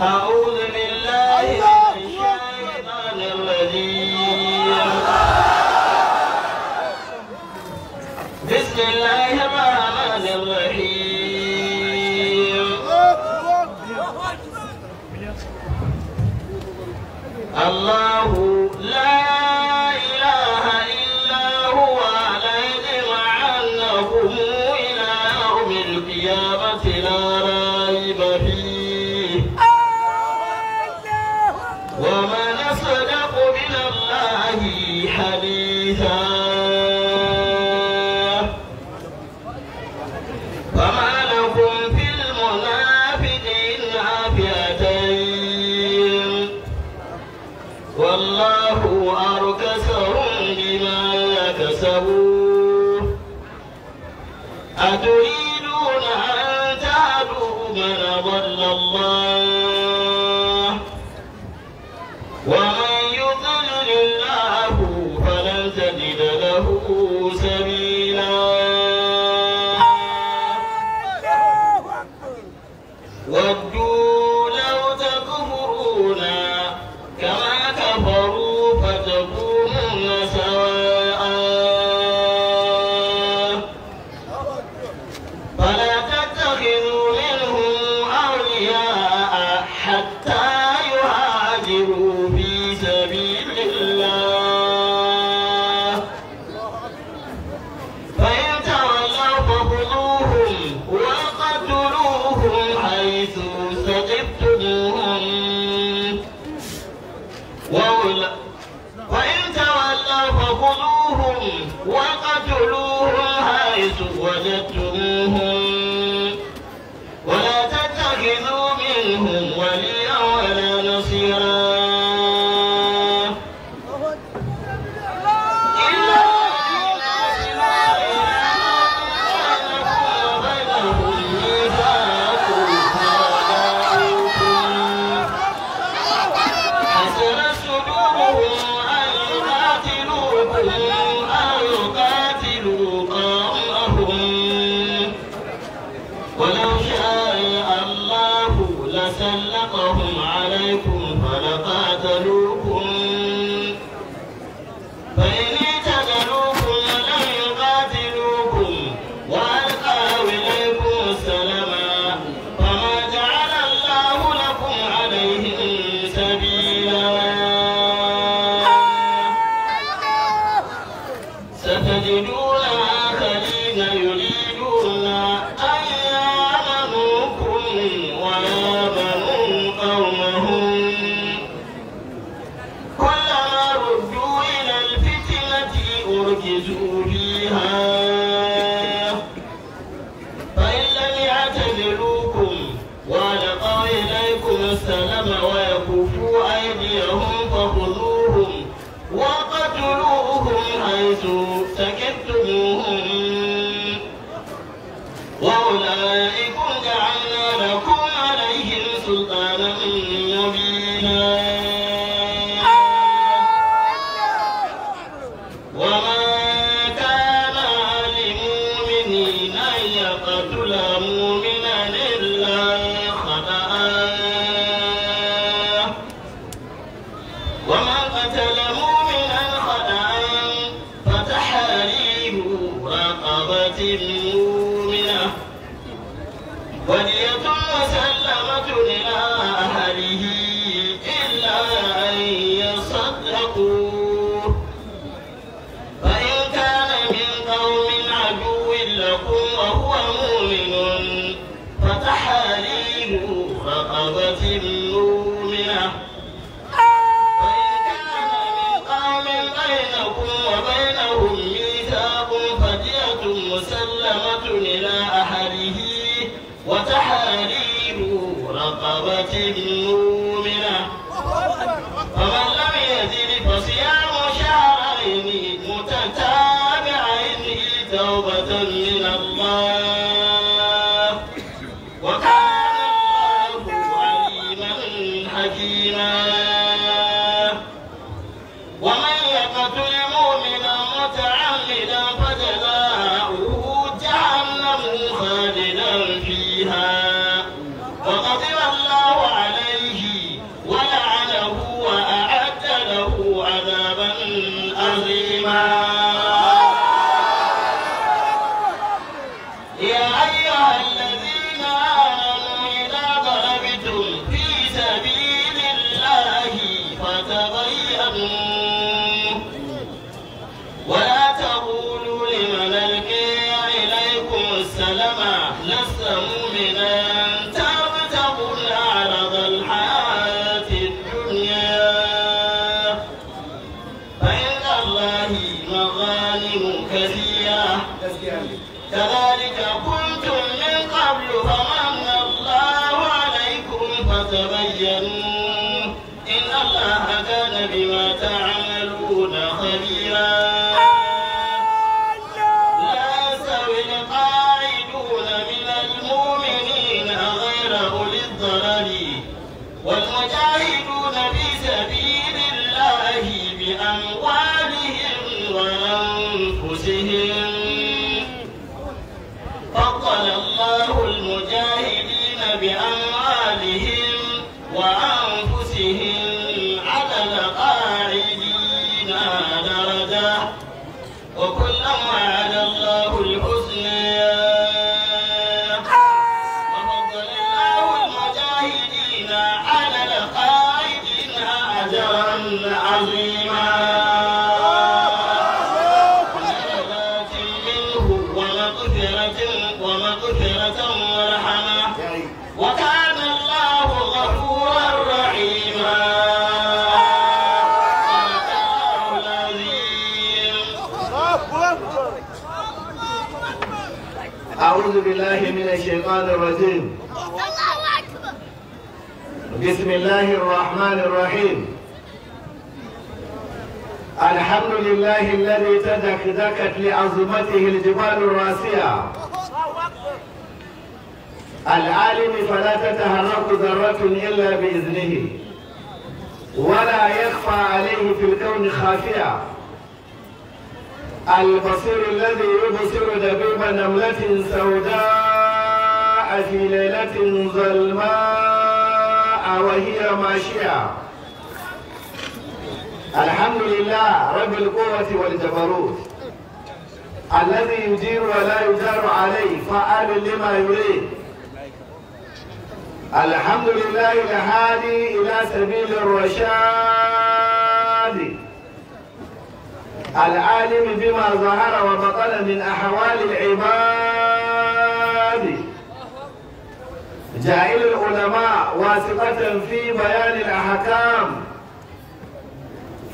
أعوذ بالله Oh. وليقع سلمة إلى وقامت النور بسم الله الرحمن الرحيم الحمد لله الذي تدكدكت لعظمته الجبال الراسية العالم فلا تتهرق ذرة إلا بإذنه ولا يخفى عليه في الكون خافية البصير الذي يبصر دبيب نملة سوداء في ليلة ظلماء وهي ماشية الحمد لله رب القوة والجبروت الذي يجير ولا يجار عليه فعال لما يريد الحمد لله الهادي إلى سبيل الرشاد العالم بما ظهر وبطل من أحوال العباد جعل العلماء واثقة في بيان الأحكام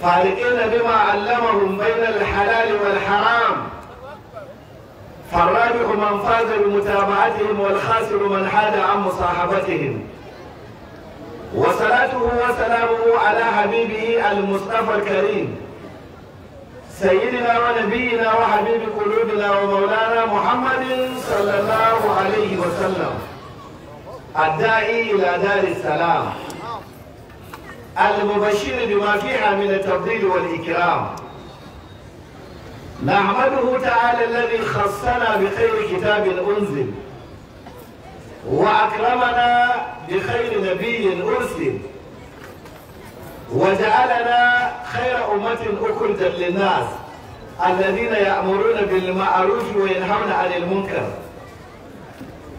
فارقين بما علمهم بين الحلال والحرام فالرابح من فاز بمتابعتهم والخاسر من حاد عن مصاحبتهم وصلاته وسلامه على حبيبه المصطفى الكريم سيدنا ونبينا وحبيب قلوبنا ومولانا محمد صلى الله عليه وسلم الداعي إلى دار السلام المبشر بما فيها من التفضيل والإكرام نحمده تعالى الذي خصنا بخير كتاب أنزل وأكرمنا بخير نبي أرسل وجعلنا خير أمة أخرجت للناس الذين يأمرون بالمعروف وينهون عن المنكر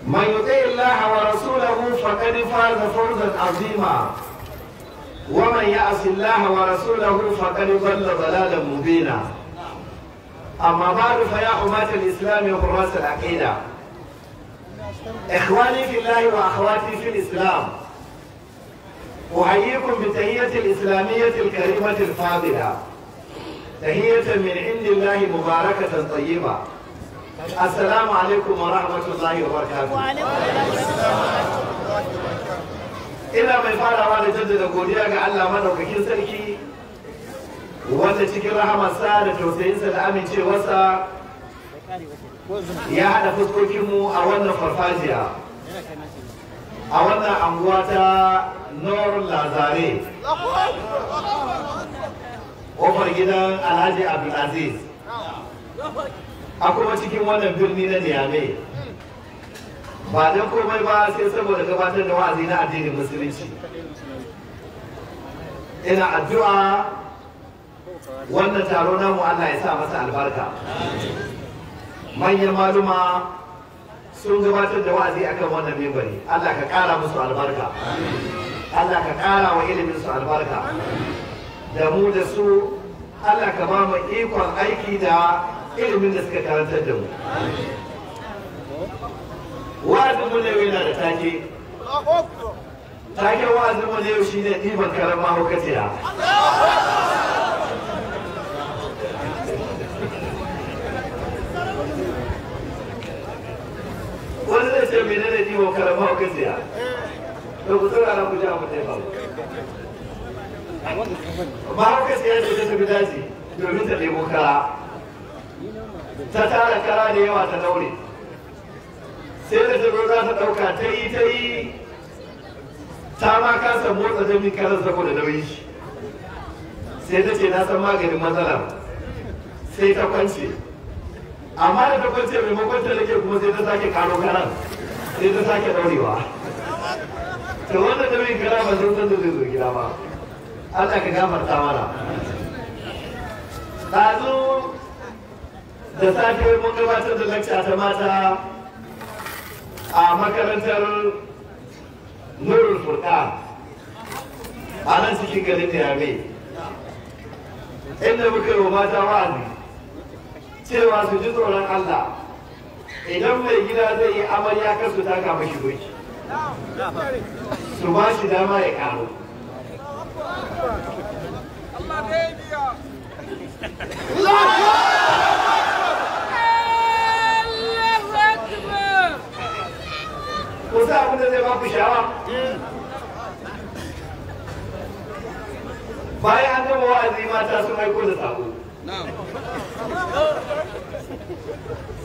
من يطع الله ورسوله فقد فاز فوزا عظيما ومن يعص الله ورسوله فقد ضل ضلالا مبينا أما بعد فيا أمة الإسلام وحراس العقيدة إخواني في الله وأخواتي في الإسلام أحييكم بتهية الإسلامية الكريمة الفاضلة تهية من عند الله مباركة طيبة assalamu alaikum wa rahmatullahi wa barakatuh ina mai farawa da jaddada godiya ga Allah maɗaukakin sarki wanda cikin rahamarsa da tausayinsa da amincewarsa ya haɗa fuskokinmu a wannan farfajiya a wannan anguwa ta nor lazare ƙofar gidan alhaji abdulaziz a kuma cikin wannan birni na niyame ba don komai ba sai saboda gabatar da wa'azi na addinin musulunci ina addu'a wannan taro namu Allah ya sa masa albarka manyan maluma sun gabatar da wa'azi akan wannan mimbari. Allah ka kara musu albarka Allah ka kara wa ilimin su albarka da mu da su Allah ka ba mu ikon aiki da ilimin da suka karantar da mu wa'azin mu yau yana da take taken wa'azin mu yau ne ɗiban mahu mahaukaciya wani zai ce ne ɗiban mahu mahaukaciya to ku tsara ku ji abin da ya faru ne da ta tafi daji domin ta ɗebo kara ta tara kara da yawa ta daure sai da ta za ta ɗauka ta yi ta yi ta ma kasa motsa jami karar saboda nauyi sai ta ce na san maganin matsalar sai ta kwance amma da ta kwance mai maimakon ta ke kuma sai ta sake karo karar sai ta sake daurewa to ta nauyin kara ba sun san da zai zo gida ba Allah ka gafarta mana ɗazu da safe mun gabatar da lakca ta mata a makarantar nurul furta. a nan cikin garin yame inda muka yi wa mata wa'azi cewa su ji tsoron allah idan mai gida zai yi amarya kar ta taka shi goki su ba shi dama ya karo Allah ku sa abin da zai ba ku bayan an gama wa'azi mata sun aiko da sako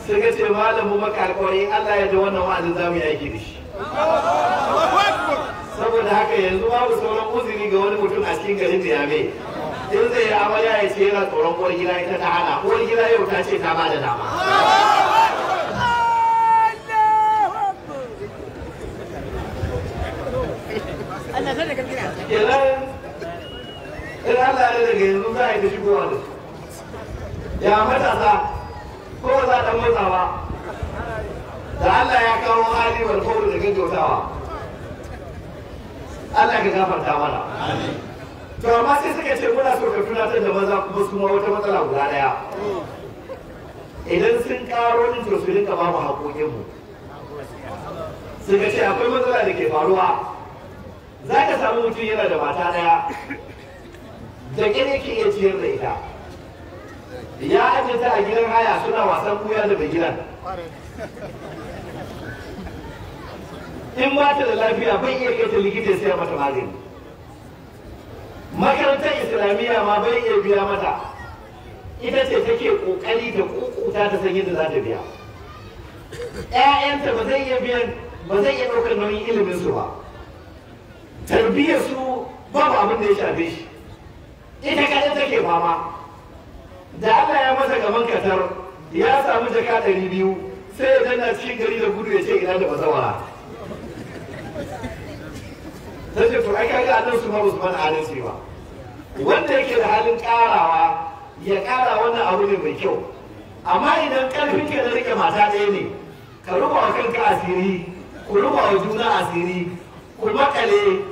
sai ka ce malamu maka alkawari Allah ya da wannan wa'azin za mu yi aiki da shi saboda haka yanzu babu sauran uzuri ga wani mutum a cikin garin da ya mai in zai yi amarya ya ce yana tsoron uwar gida ita ta hana uwar gida yau ta ce ta ba da dama kenan in Allah ya daga yanzu za a yi da shigowa da su ya matasa ko ba za ta motsa ba da Allah ya kawo hali wal kawai da gaggautawa Allah ka gafarta mana to amma sai suka ce muna so ka ta da maza kuma su ma wata matsala guda daya idan sun karo ni to su rinka ba mu haƙoƙinmu suka ce akwai matsala da ke faruwa za ka samu mutum yana da mata daya da ƙin yake iya ciyar da ita ya ajiye a gidan haya suna wasan kuya da mai gidan in ba da lafiya bai iya kai ta likita sai mata magani makarantar islamiyya ma bai iya biya mata ita ce take kokari da kokuta ta san yadda za ta biya ƴaƴanta ba zai iya biyan ba zai iya ɗaukar nauyin ilimin su ba tarbiyyar su babu abin da ya shafe shi ita kada take fama da Allah ya masa gaban katar ya samu jaka ɗari biyu sai ya danna cikin gari da gudu ya ce ina da bazawa ta ce to kaga annan su ma adalci ba wanda yake da halin karawa ya ƙara wannan abu ne mai kyau amma idan karfin ke da rike mata ɗaya ne ka ruba kanka asiri ku ruba wa juna asiri ku makale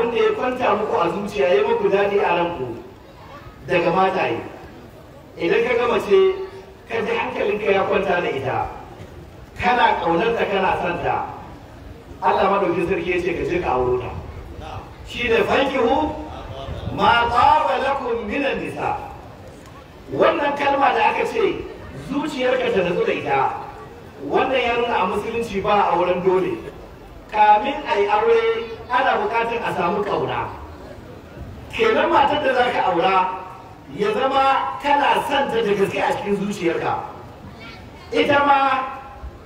abin da ya kwanta muku a zuciya ya muku daɗi a ranku daga mata yi idan ka gama ce ka ji hankalinka ya kwanta da ita kana ƙaunarta kana santa Allah madaukin sarki ya ce ka je ka auro ta shi ne fankihu ma tsaba lakum minan nisa wannan kalma da aka ce zuciyarka ta natsu da ita wannan ya nuna a musulunci ba a wurin dole kamin a yi aure ana bukatar a samu kauna kenan matar da za ka aura ya zama kana son ta da gaske a cikin zuciyarka ita ma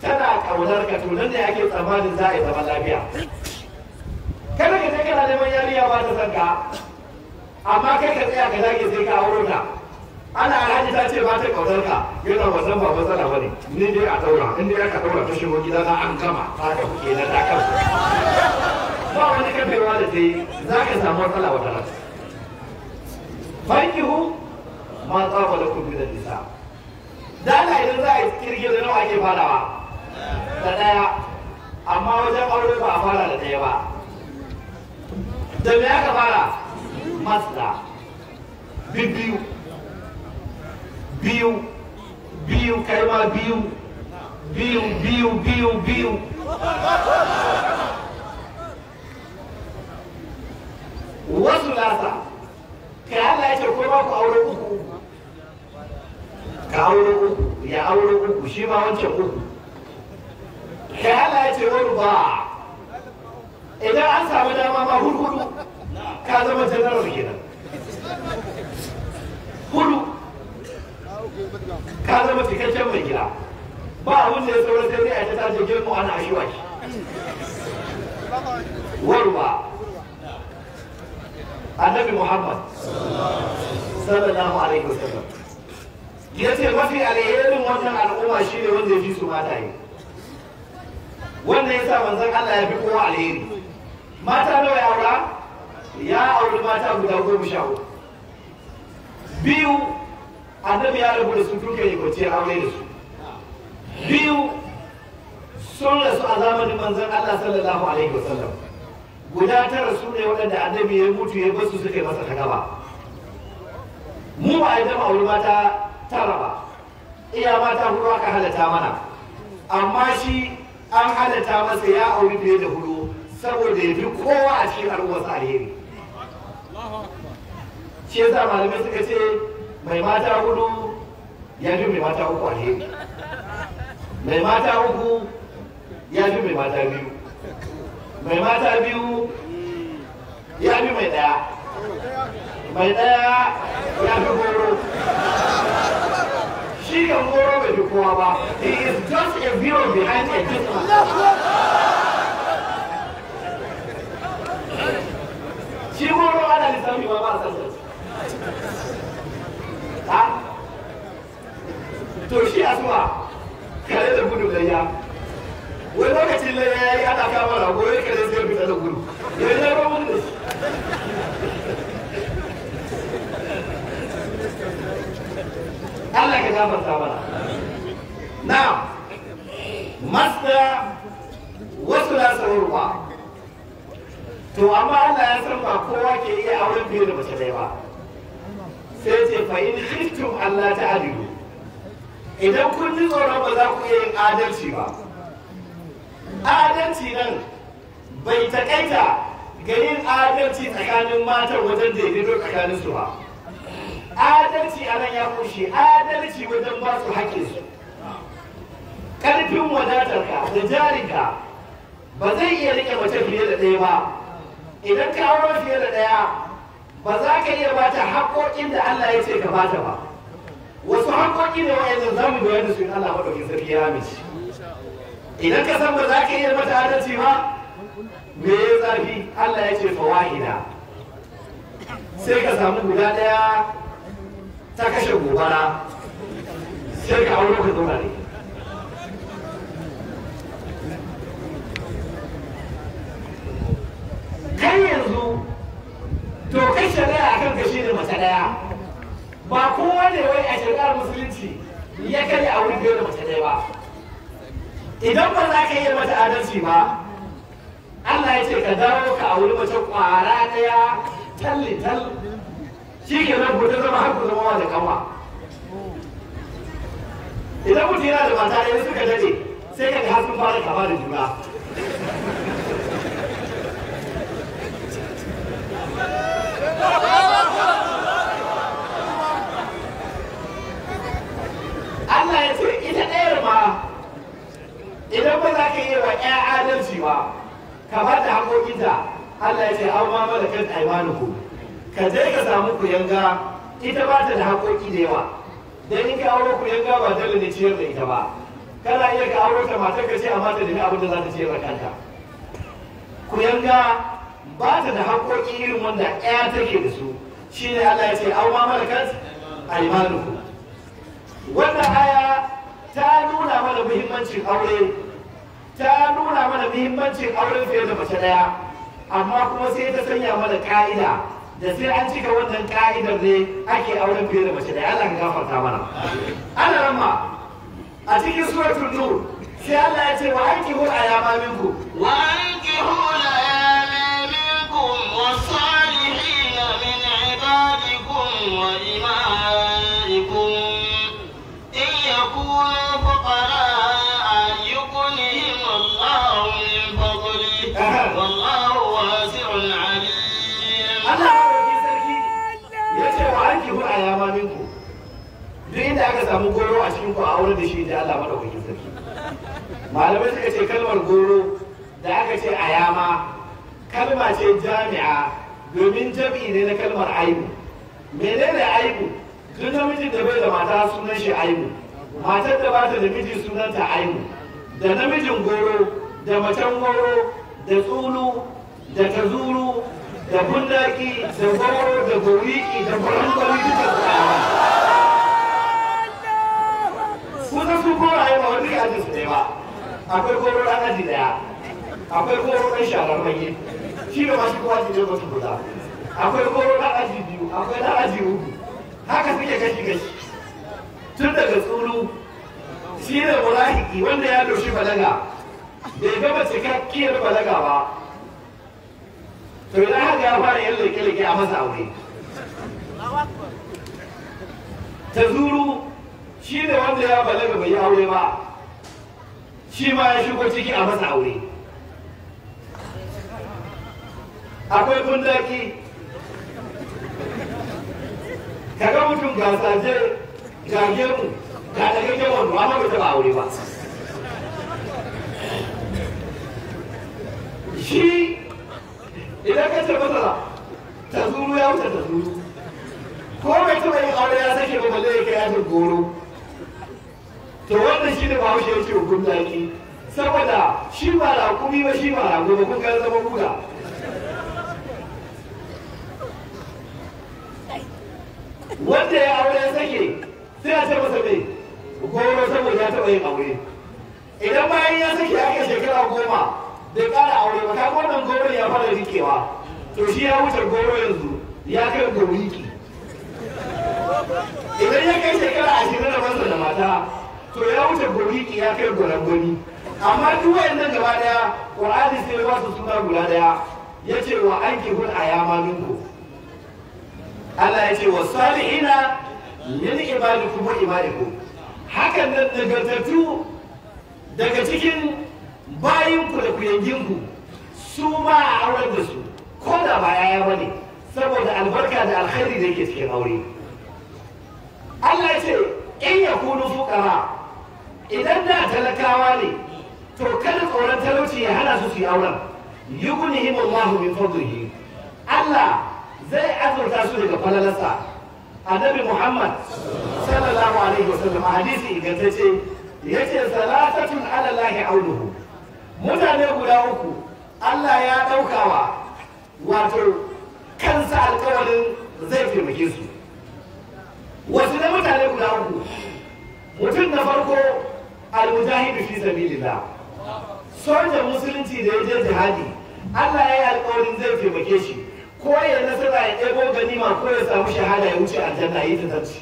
tana ƙaunar ka tunan da yake tsammanin za a yi zaman lafiya kada ka je kana neman yariya ba ta san ka amma kai ka tsaya ka dage sai ka aure ta ana alhaji ta ce ba ta ƙaunar ka yana wannan ba matsala ba ne. ni dai a daura in dai aka daura ta shigo gidana an gama ta ka kuke na ta kanku ba wani kafewa da ta yi za ka samu matsala wata ran fankihu ma tsaba da kun da nisa da ana idan za a yi kirge da nawa ake farawa da ɗaya amma wajen aure ba a fara da ɗaya ba da me aka fara masla biyu biyu biyu kai ma biyu biyu biyu biyu biyu wasu lasa ka Allah ya ce ko ba ku aure uku ka aure uku ya aure uku shi ma wancan uku ka Allah ya ce wani ba idan an samu dama ma hudu ka zama general kenan hudu ka zama cikakken mai gida ba abin da ya sauran dare a ta tashi girma ana ashiwa shi warba annabi muhammad sallallahu alaihi wasallam ya ce mafi alherin wannan al'umma shi ne wanda ya fi su mata yi wannan ya sa zan allah ya fi kowa alheri mata nawa ya aura ya auri mata guda goma sha uku biyu annabi ya rabu da su duka yi kwanciyar aure da su biyu sun rasu a zamanin manzan allah sallallahu alaihi wasallam guda tara su ne waɗanda annabi ya mutu ya basu suka yi masa ba mu ba a dama wani mata tara ba iya mata hudu aka halatta mana amma shi an halatta masa ya auri fiye da hudu saboda ya fi kowa a cikin al'ummarsa alheri shi sa malamai suka ce mai mata hudu ya fi mai mata uku alheri mai mata uku ya fi mai mata biyu mai mata biyu ya bi mai daya mai daya ya fi goro shi kan goro bai fi kowa ba he is just a zero behind a business shi goro ana lissafi ba ba a san ya gafarta mana na masdar wasu la to amma Allah ya san ba kowa ke iya auren biyu da mace ba sai ce fa in Allah ta adilu idan kun ji tsoron ba za ku iya yin adalci ba adalci nan bai takaita ganin adalci tsakanin matar wajen daidaito tsakanin su ba adalci a nan ya kushe adalci wajen ba su haƙƙinsu ƙarfin wadatarka da jarinka ba zai iya riƙe mace fiye da ɗaya ba idan ka aure fiye da ɗaya ba za ka iya bata haƙoƙin da Allah ya ce ka bata ba wasu haƙoƙi ne wa'annan za mu bayani su in Allah maɗaukin sarki ya mace idan ka san ba za ka iya mata adalci ba me ya zafi Allah ya ce fawahida sai ka samu guda ɗaya ta kashe gobara sai ka ka zauna ne yanzu to kai shari'a akan mace daya ba kowa ne wai a musulunci ya kare a da mace ba idan ba za ka mata adalci ba Allah ya ce ka dawo ka auri mace kwara daya talli si ke nan ko ta zama har ku zama wa da kanwa idan mutum yana da mata da suka sai da ciyar da ita ba kana iya ga aure ta matar ka ce amma ta nemi abin da za ta ciyar da kanta ku yanga ba ta da haƙoƙi irin wanda ɗaya take da su shine Allah ya ce an ma malakat aimanuku wannan aya ta nuna mana muhimmancin aure ta nuna mana muhimmancin aure fiye da mace ɗaya amma kuma sai ta sanya mana ka'ida da sai an cika wannan ka'idar ne ake auren fiye da mace ɗaya Allah ka gafarta mana ana ramma a cikin suratul nur sai Allah ya ce wa aiki hul ayama minku wa aiki hul ayama minkum wa salihin min ibadikum wa imam samu goro a cikin ku a aure da shi da Allah madaukakin sarki malamai suka ce kalmar goro da aka ce ayama kalma ce jami'a domin jami'i ne na kalmar aibu menene aibu duk namijin da bai da mata sunan shi aibu matar da bata da miji sunanta aibu da namijin goro da macen goro da tsulu da tazuru da bundaki da goro da goriki da burin gwamnati da tsara kusan su yi ba wani ajiye su ne ba akwai koro ɗan aji ɗaya akwai koro ɗan sharar mage shi ne masu kowa jide ba su guda akwai koro ɗan aji biyu akwai na aji uku haka suke kashi kashi tun daga tsoro shi ne murahiki wanda ya doshi balaga bai gama cikakkiyar balaga ba to idan haka ya fara yin leke-leke a masa aure ta zuru shi ne wanda ya balaga bai yi aure ba shi ma ya shigo ciki a masa aure akwai bundaki kaga mutum ga saje ga gemu ga daga gemu wanda ba bai taba aure ba shi idan ka ce masa ta zuru ya wuce ta zuru ko bai taba yin aure ya sake ba balle ya kai ya goro to wannan shi ne bahaushe ya ce hukun zaki saboda shi ba rakumi ba shi ba rago ba kun ga zama buga wanda ya aure ya sake sai a ce masa me goro saboda ya taɓa yin aure idan bayan ya sake ya kai shekara goma da kara aure ba ta wannan goro ya fara rikewa to shi ya wuce goro yanzu ya kai goriki idan ya kai shekara ashirin da masa da mata to ya wuce boliki ya kai gwani amma duk wa'annan gaba daya qur'ani sai ba su suna guda daya yace wa ankihul ayama minku Allah yace wa salihina min ibadikum wa ibadikum hakan nan nagartattu daga cikin bayinku da kuyanginku su ma a auren da su ko da ba yaya ba ne saboda albarka da alkhairi da yake cikin aure Allah ya ce in yakunu fuqara idan da talakawa ne to kada tsoron talauci ya hana su su yi auren yughnihim Allahu min fadlihi Allah zai azurta su daga falalarsa annabi Muhammad sallallahu alaihi wasallam hadisi ingantacce yace salatatun ala lahi auduhu mutane guda uku Allah ya daukawa wato kansa alkawarin zai taimake su wasu na mutane guda uku mutum na farko al-mujahidu fi sabilillah sojan musulunci da ya je jihadi Allah ya yi alƙawarin zai taimake shi ko ya nasara ya ɗebo ganima ko ya samu shahada ya wuce aljanna ya yi tantance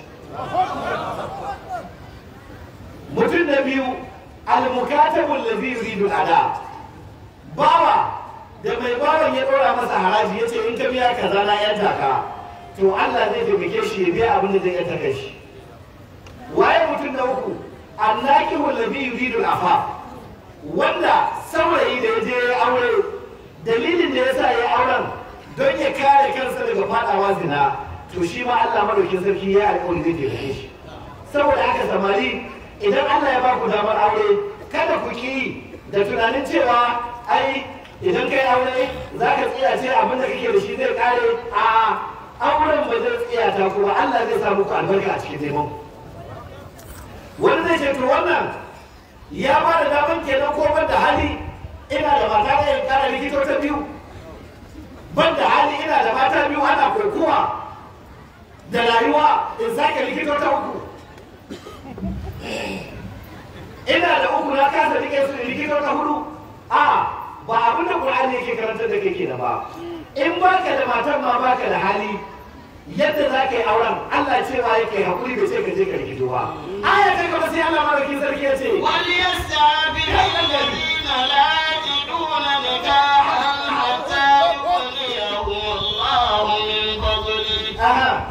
mutum na biyu al-mukatabul ladhi yuridu ada bawa da mai bawan ya ɗora masa haraji ya ce in ka biya kaza na yanta ka to Allah zai taimake shi ya biya abin da zai yanta kai shi waye mutum na uku annakihu alladhi yuridu afa wanda saurayi da ya je ya aure dalilin da sa ya auren don ya kare kansa daga fadawa zina to shi ma Allah madaukin sarki ya alƙawari zai taimake shi saboda haka samari idan Allah ya ba ku damar aure kada ku ki da tunanin cewa ai idan kai aure za ka tsaya ce abin da kake da shi zai kare a auren ba zai tsaya ta kuma Allah zai sa muku albarka a cikin neman wani zai ce to wannan ya ba da daman kenan ko ban da hali ina da mata da yin kara likitocin biyu ban da hali ina da mata biyu ana kurkuma da rayuwa in sake likitocin uku ina da uku na kasa rike su da likitocin hudu a ba abin da ƙur'ani yake karantar da kake da ba in baka da matan ma baka da hali yadda za ka yi auren Allah cewa yake kai hakuri bai ce ka je ka rikido ba aya ka gaba sai Allah madaukin sarki ya ce wal yasabi alladhina la da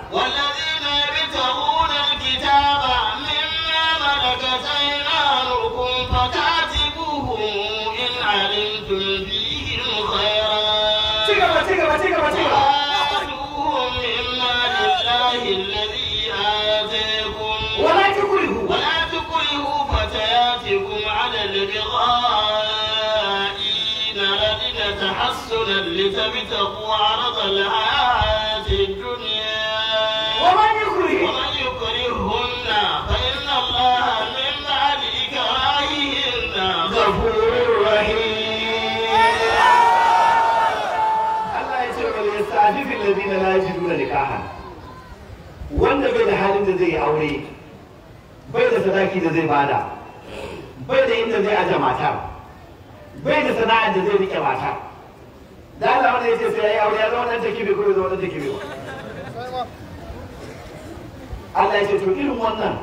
لابتغوا عرض الحياة الدنيا ومن يكرهن فإن الله من بعد إكراههن غفور رحيم الله يسوع يستعجب الذين لا يجدون نكاحا wanda bai da halin da zai aure bai da sadaki da zai bada bai da inda zai aje matar bai da sana'ar da zai rike matar da Allah wanda yace sai yayi aure ya zama dan take bai ko zama dan take bai Allah ya ce to irin wannan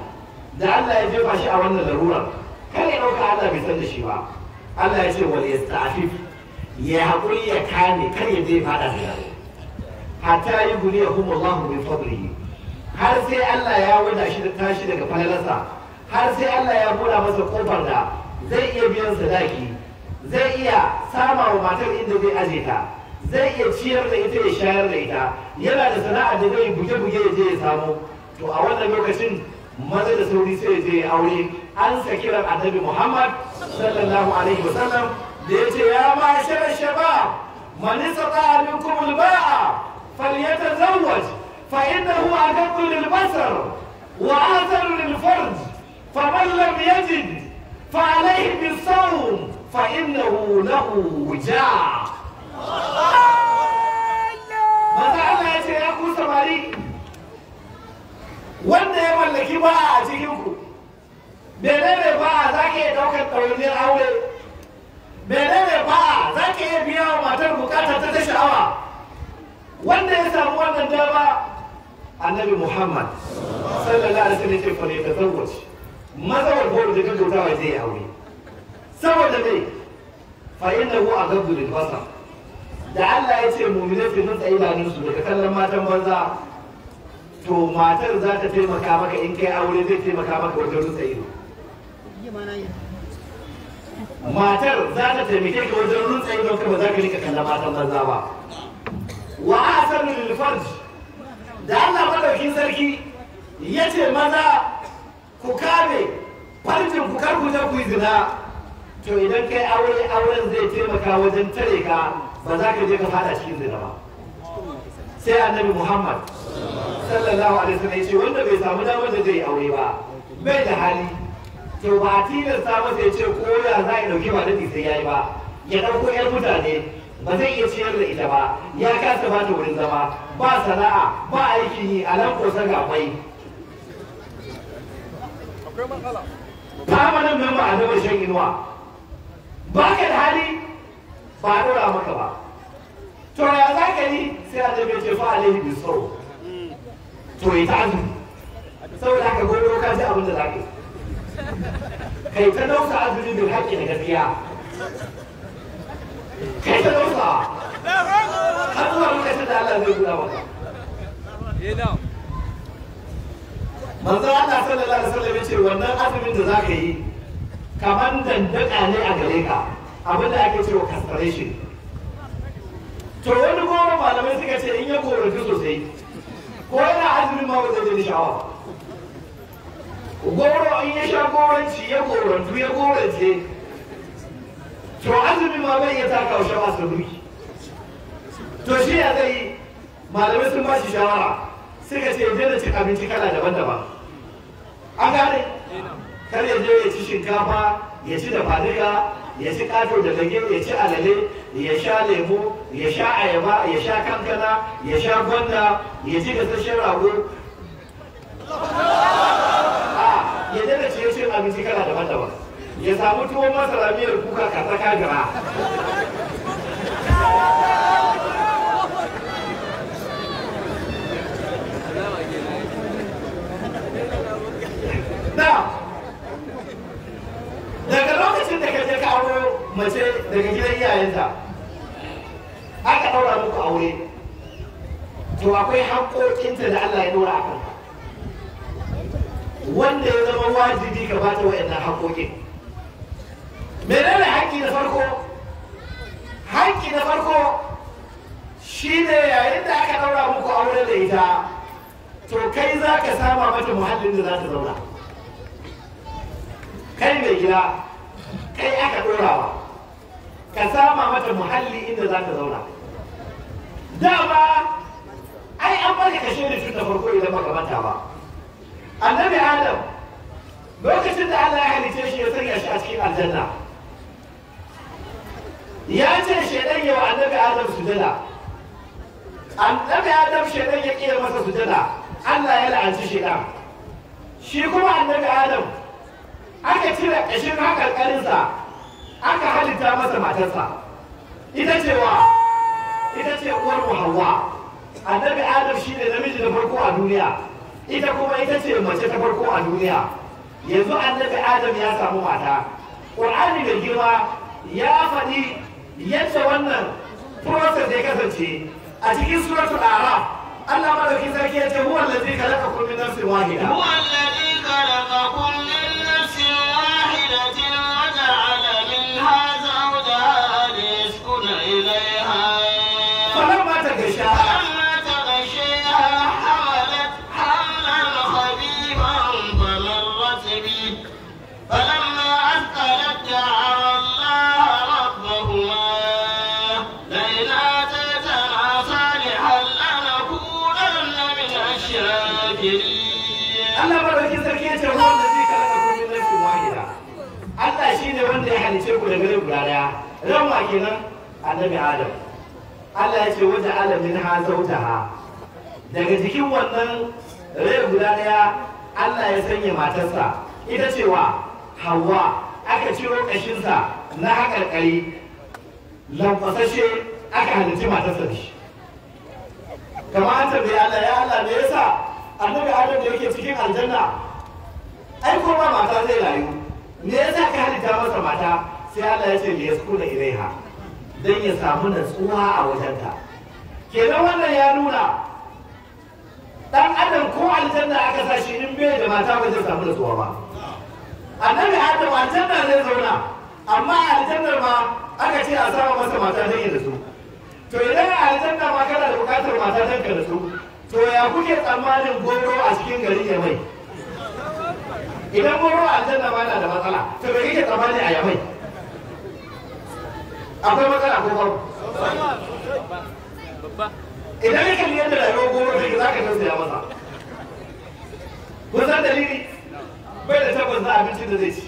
da Allah ya jefa shi a wannan larura kar ya dauka Allah bai san da shi ba Allah ya ce wal yasta'fif ya haƙuri ya kame kar ya je fada da yaro hatta yi guri ya kuma Allah min har sai Allah ya wada tashi daga har sai Allah ya buɗa masa kofar da zai iya biyan sadaki زي سامع وماتل إندو في أزيتا زي يتشير لإنتي الشهر لإيتا يلا لسناعة دبي بجي بجي يجي سامو تو أولا يوكسين مزل سوري سيدي أولي أنسى كلا عدب محمد صلى الله عليه وسلم ديتي يا معشر الشباب من استطاع منكم الباعة فليتزوج فإنه أكد للبصر وآثر للفرج فمن لم يجد فعليه بالصوم فإنه له وجاع maza Allah ya ce ya ku samari wanda ya mallaki ba a cikinku menene ba za ka iya daukar ɗauniyar aure menene ba za ka iya biya wa matar bukata ta ta sha'awa wanda ya samu wannan dama annabi muhammad sallallahu alaihi wasallam ce ta bori aure saboda mai fa innahu aghaddu lil basar da Allah ya ce mu'minai su nutsa su daga kallon matan banza to matar za ta taimaka maka in kai aure zai taimaka maka wajen rusa ido matar za ta taimake ka wajen rusa ido ka ba za ka rika kallon matan banza ba wa asanu lil farj da Allah madaukin sarki ya ce maza ku kame farjin ku kar ku je ku yi zina to idan kai aure auren zai taimaka wajen tare ka ba za ka je ka fada cikin zina ba sai annabi muhammad sallallahu alaihi wasallam yace wanda bai samu damar da zai aure ba bai da hali to ba a tilasta masa ya ce ko ya za ya dauki ba dadi sai yayi ba ya dauko yar mutane ba zai iya ciyar da ita ba ya kasa ba ta wurin zama ba sana'a ba aiki yi a nan kosa ga matsala ta ma nan ba a zama shan inuwa ba ka da hali ba a ɗora maka ba to ya za ka yi sai a zai ce fa alaihi bi sau to yi ta azumi saboda haka gobe ka ji abin da za ka yi kai ta nausa azumi bil haƙƙi da gaskiya kai ta nausa har zuwa lokacin da Allah zai guda maka manzo Allah sallallahu alaihi wasallam ya ce wannan azumin da za ka yi kamar dandaka ne a gare ka abin da ake cewa castration to wani goma malamai suka ce in ya korafi sosai ko yana azumin ma wajen jini shawa goro in ya sha goranci ya korantu ya korance to azumin ma bai iya taka wa shawa sabuki to shi ya zai malamai sun ba shi shawara suka ce je da cin abinci kala daban-daban an gane kar ya je ya ci shinkafa ya ci dafaduka ya ci kafin da lage ya ci alale ya sha lemu ya sha ayaba ya sha kankana ya sha gwanda ya ci gasasshen rago ah, ya ce ciye abinci kala daban-daban ya samu tuwon masara miyar kuka ka tsaka daga lokacin da ka je ka aro mace daga gidan iyayenta aka ɗaura muku aure to akwai haƙoƙinta da Allah ya ɗora a kanka wanda ya zama wajibi ka bata waɗannan hankokin menene haƙƙi na farko haƙƙi na farko shine yayin da aka ɗaura muku aure da ita to kai za ka sama mata muhallin da za ta zauna kai mai gida kai aka ɗorawa ka sama mata muhalli inda za ka zauna dama ai an baka kashe da tun ta farko idan baka manta ba annabi adam lokacin da Allah ya halice shi ya sanya shi a cikin aljanna ya ce shaidan yawa annabi adam su sujada annabi adam shaidan ya ƙera masa su sujada Allah ya la'anci shaidan shi kuma annabi adam aka cire ƙashin haƙarƙarinsa aka halitta masa matarsa ita ce wa ita ce uwar mu hawa annabi adam shi ne namiji na farko a duniya ita kuma ita ce mace ta farko a duniya yanzu annabi adam ya samu mata ƙur'ani mai girma ya faɗi yadda wannan da ya kasance a cikin suratul araf Allah madaukin sarki ya ce huwa allazi khalaqakum min nafsin wahida huwa allazi واحدة ne guda daya ran wa kenan annabi adam Allah ya ce wata alamin ha ha daga jikin wannan rai guda daya Allah ya sanya matarsa ita cewa hawa aka ciro kashinsa na haƙarƙari lamfasashe aka halarci matarsa da shi kama an ya Allah ya Allah da yasa annabi Adam da yake cikin aljanna ai ko ba mata zai rayu me yasa ka halitta masa mata sai Allah ya ce li yaskuna ilaiha don ya samu natsuwa a wajenta kenan wannan ya nuna dan adam ko aljanna aka sa shi in bai da mata ba zai samu natsuwa ba annabi adam aljanna zai zauna amma aljannar ma aka ce a sama masa mata dan ya su. to idan aljanna ma kana da bukatar mata dan ka su, to ya kuke tsammanin goro a cikin gari ya mai idan goro aljanna ma yana da matsala to me kike tsammani a yamai akwai matsala ko babu idan ya kalli yadda rayuwar goma ta za ka tausaya masa kun san dalili bai da tabbas na abincin da zai ci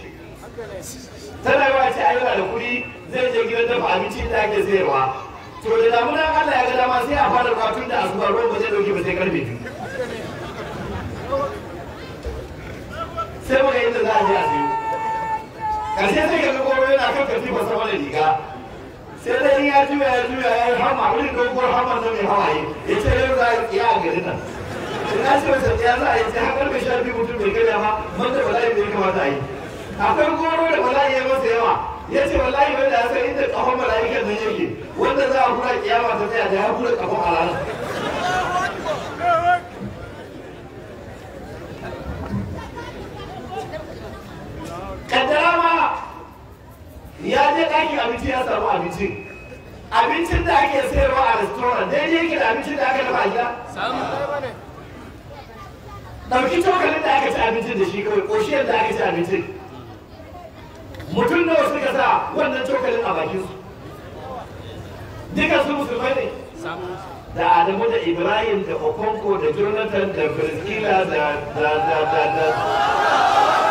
tana yawa ce a ayyuka da kuɗi zai je gidan dafa abinci da ake sayarwa to da damuna Allah ya ga dama sai a fara ruwa tun da asuba ruwan ba zai dauke ba sai karfe biyu sai muka yi da za a je a siyo karshe sai ka ga goro yana kan karfi ba sama da riga sai dai ya juya ya juya ya yi hama wurin doguwar hama zai mai hawaye ya ce yau za a yi tsiya a garin nan ina ce wata tsiya za a yi sai hakar mai sharfi mutum bai gaya ma man da bala'i bai kamata a yi akwai goro da bala'i ya masa yawa ya ce wallahi wanda ya san inda kafan mala'ikan nan yake wanda za a hura kiyama ta tsaya da ya hura kafan a ranar kaddara ya je ɗakin abinci ya samu abincin abincin da ake sayarwa a restaurant daidai yake da abincin da aka dafa a gida ɗauki cokalin da aka ci abincin da shi kawai ƙoshiyar da aka ci abincin mutum nawa suka sa wannan cokalin a bakin su duka su musulmai ne da adamu da ibrahim da okonko da jonathan da birkila da da da da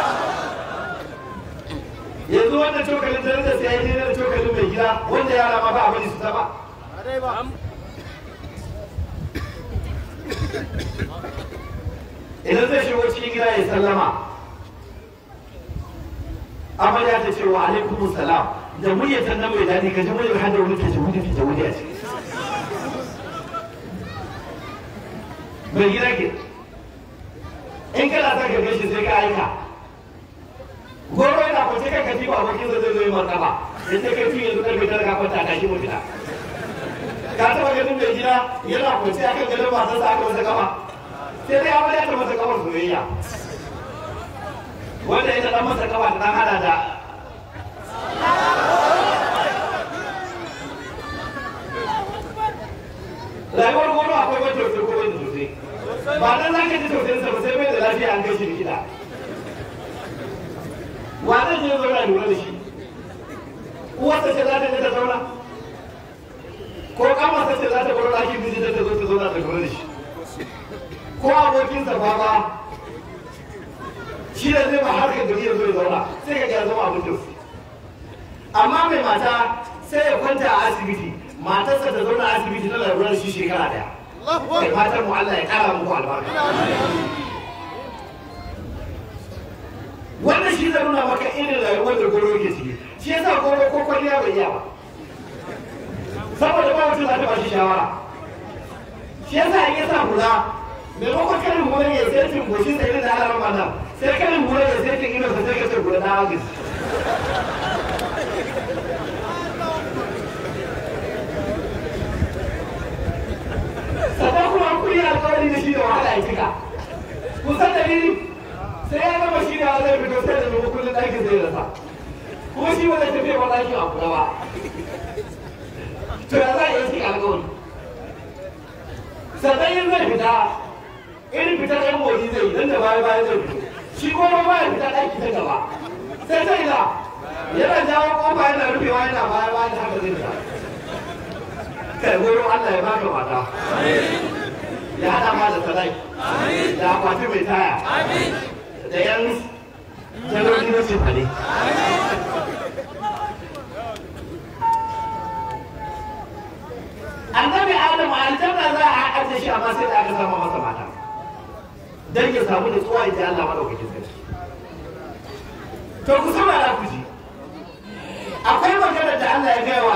yanzu wannan cokalin tare da sai ne da cokalin mai gida wanda yara ma ba a bari su ta ba idan zai shigo cikin gida ya sallama amarya ta ce wa alaikum salam da muryar ta nan mai daɗi ka ji muryar har da wani ke jahudi ke jahudi a ciki mai gida ke in kana sa ka sai ka aika gobe na kwace kan kaji ba wakil zai zai martaba in ta kai yanzu karfe tara ka kwanta ta shi mutuna ka taba ganin mai gida yana kwace akan ganin masu sa aka wata kama. sai dai amarya ta masa kafar soyayya wanda ita dan masa kafa ta dan hada da rayuwar gona akwai wata wata kuma yanzu sosai ba dan zaka ji tausayin sa ba sai bai da lafiya an gaishe da gida lura ce za ta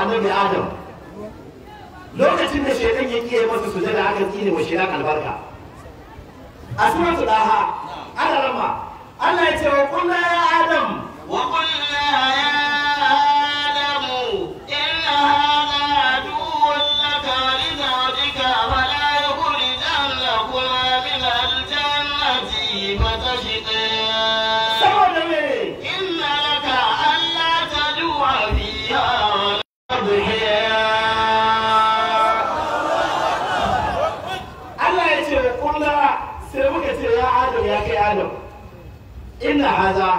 annabi adam lokacin da shekan ya kiyaye masa da aka tsine wa shaitan albarka a suratul daha ana rama Allah ya ce wa kullu ya adam wa kullu ya haza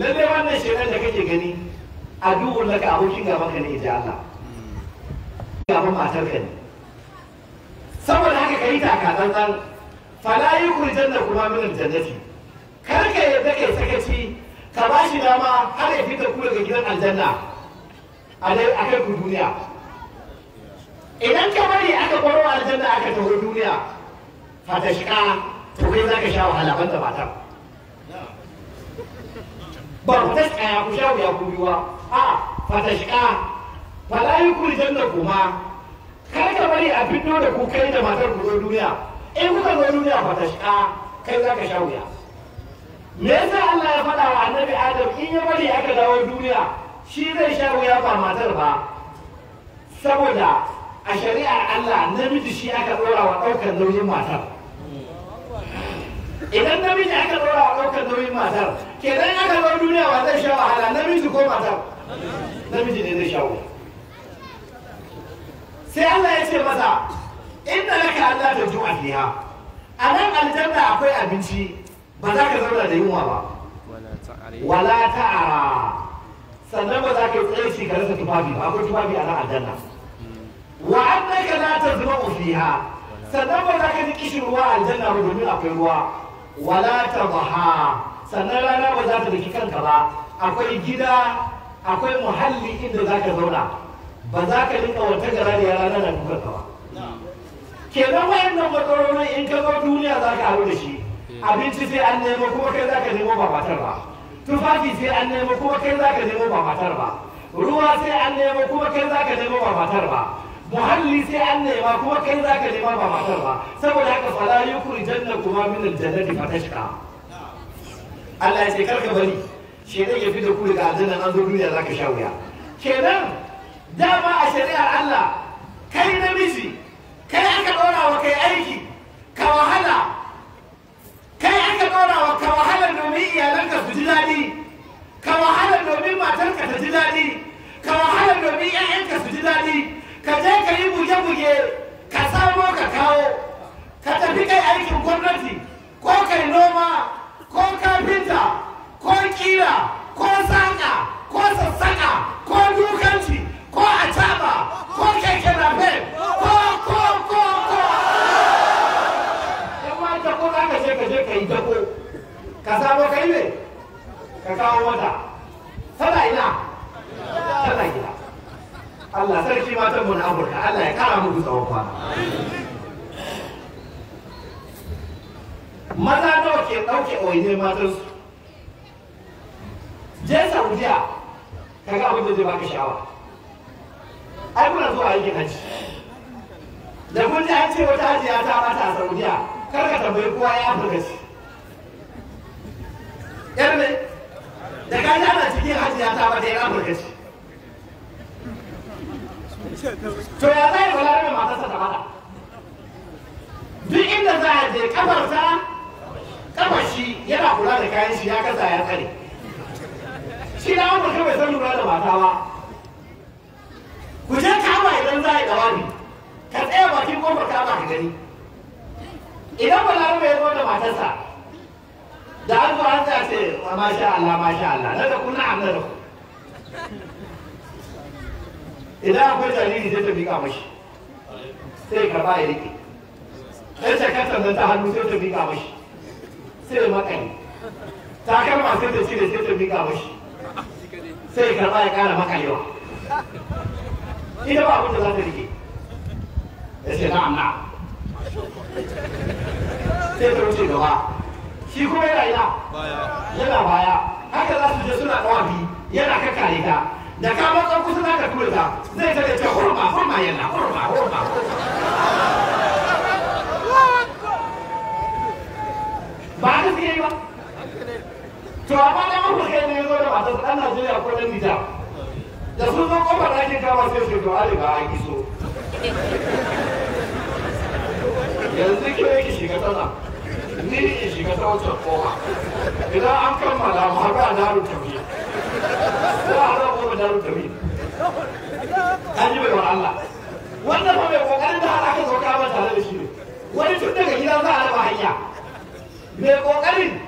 lalle wannan shaitan da kake gani a duhun laka abokin gaban ka ne ita Allah gaban matar ka ne saboda haka kai taka tsantsan fala yukrijan da kuma min aljannati kar ka yadda kai sakaci ka ba shi dama har ya fita ku daga gidan aljanna a kai ku duniya idan ka bari aka baro aljanna aka taho duniya fata shika to kai za ka sha wahala banda matar ba ku taskaya ku sha wuya ku biyuwa a fata shiƙa fala yi ku janna kuma kar ka bari a fito da ku kai da matar ku zo duniya in kuka zo duniya fata shiƙa kai za ka sha wuya me yasa Allah ya faɗa wa annabi Adam in ya bari aka dawo duniya shi zai sha wuya ba matar ba saboda a shari'ar Allah namiji shi aka ɗora wa ɗaukar nauyin matar idan namiji aka ɗora wa ɗaukar nauyin matar kenan aka bar duniya ba zai sha wahala namiji ko mata namiji ne zai sha wahala sai Allah ya ce masa inda laka Allah ta ju'a fiha a nan aljanna akwai abinci ba za ka zauna da yunwa ba wala ta'ara sannan ba za ka yi tsarki ka rasa tufafi ba akwai tufafi a nan aljanna hmm. wa annaka la tazma'u fiha sannan ba za ka ji kishin ruwa aljanna ba domin akwai ruwa wala tadha sannan rana ba za ta daki kanka ba akwai gida akwai muhalli inda za ka zauna ba za ka rinka wata gara da yara na nan ka ba kenan wayannan matsaloli in ka zo duniya za ka haru da shi abinci sai an nemo kuma kai za ka nemo ba matar ba tufafi sai an nemo kuma kai za ka nemo ba matar ba ruwa sai an nemo kuma kai za ka nemo ba matar ba muhalli sai an nema kuma kai za ka nema ba matar ba saboda haka fala yukuri janna kuma min aljannati fatashka Allah ya ce karka bari shedan ya fito ku daga aljanna an zo duniya zaka sha wuya kenan dama a shari'ar Allah kai namiji kai aka dora wa kai aiki ka wahala kai aka dora wa ka wahala domin iyalanka su ji daɗi ka wahala domin matarka ta ji daɗi ka wahala domin 'ya'yanka su ji daɗi ka je ka yi buge-buge ka samo ka kawo ka tafi kai aikin gwamnati ko kai noma ko kafinta ko kira ko saƙa ko sassaka ko dukanci ko acaba ko keke nafe ko ko ko ko yan ma jako za ka je ka je ka yi jako ka samo kai ne ka kawo wata tana ina tana gida Allah sarki matan mu na Amurka Allah ya kara muku tsawon kwana maza nawa ke ɗauke a ɗawainiyar matansu je saudiya ka ga abin da zai baka sha'awa ai kuna zuwa aikin hajji da kun ji an ce wata hajiya ta mata a saudiya kar ka tambayi kowa ya afirka shi. yar ne da ka ana cikin hajiya ta mata ya afirka shi. to ya zai balarabe matarsa ta mata? duk inda za a je kafar ta. da kayan shi ya kasa ya tsare shi da amurka bai san lura da mata ba ku je kama idan za a yi tsawani, ka tsaya bakin kofar ba ka gani idan balarabe ya zo da matarsa da an zuwa an ce ah, masha Allah masha Allah na da kuna an da ku idan akwai jariri sai ta miƙa mashi sai karba ya sai ɗan shakarta ta hannu sai ta miƙa mashi sai makani takalma sai ta cire sai ta miƙa mashi sai karɓa ya ƙara makalewa ita ba abin da za ta rike ya ce na'am na sai ta wuce gaba shi kuma yana ina yana baya haka za su je suna ɗawafi yana kakkare ta da ka matsa kusa za ka ta zai ta da ce hurma hurma yana hurma hurma ba to amma da mun kai ne zo da matar dan Najeriya ko dan Nijar da sun zo kofar ɗakin kama sai su to alika an iso yanzu ke yake shiga tana ni in shiga ta wancan kowa idan an kammala mu haɗu a darun tafiya ko a haɗa ko darun tafiya an ji baiwa Allah wannan fa mai kokarin da aka zo kama tare da shi ne wani tun daga gida za a raba hanya mai kokarin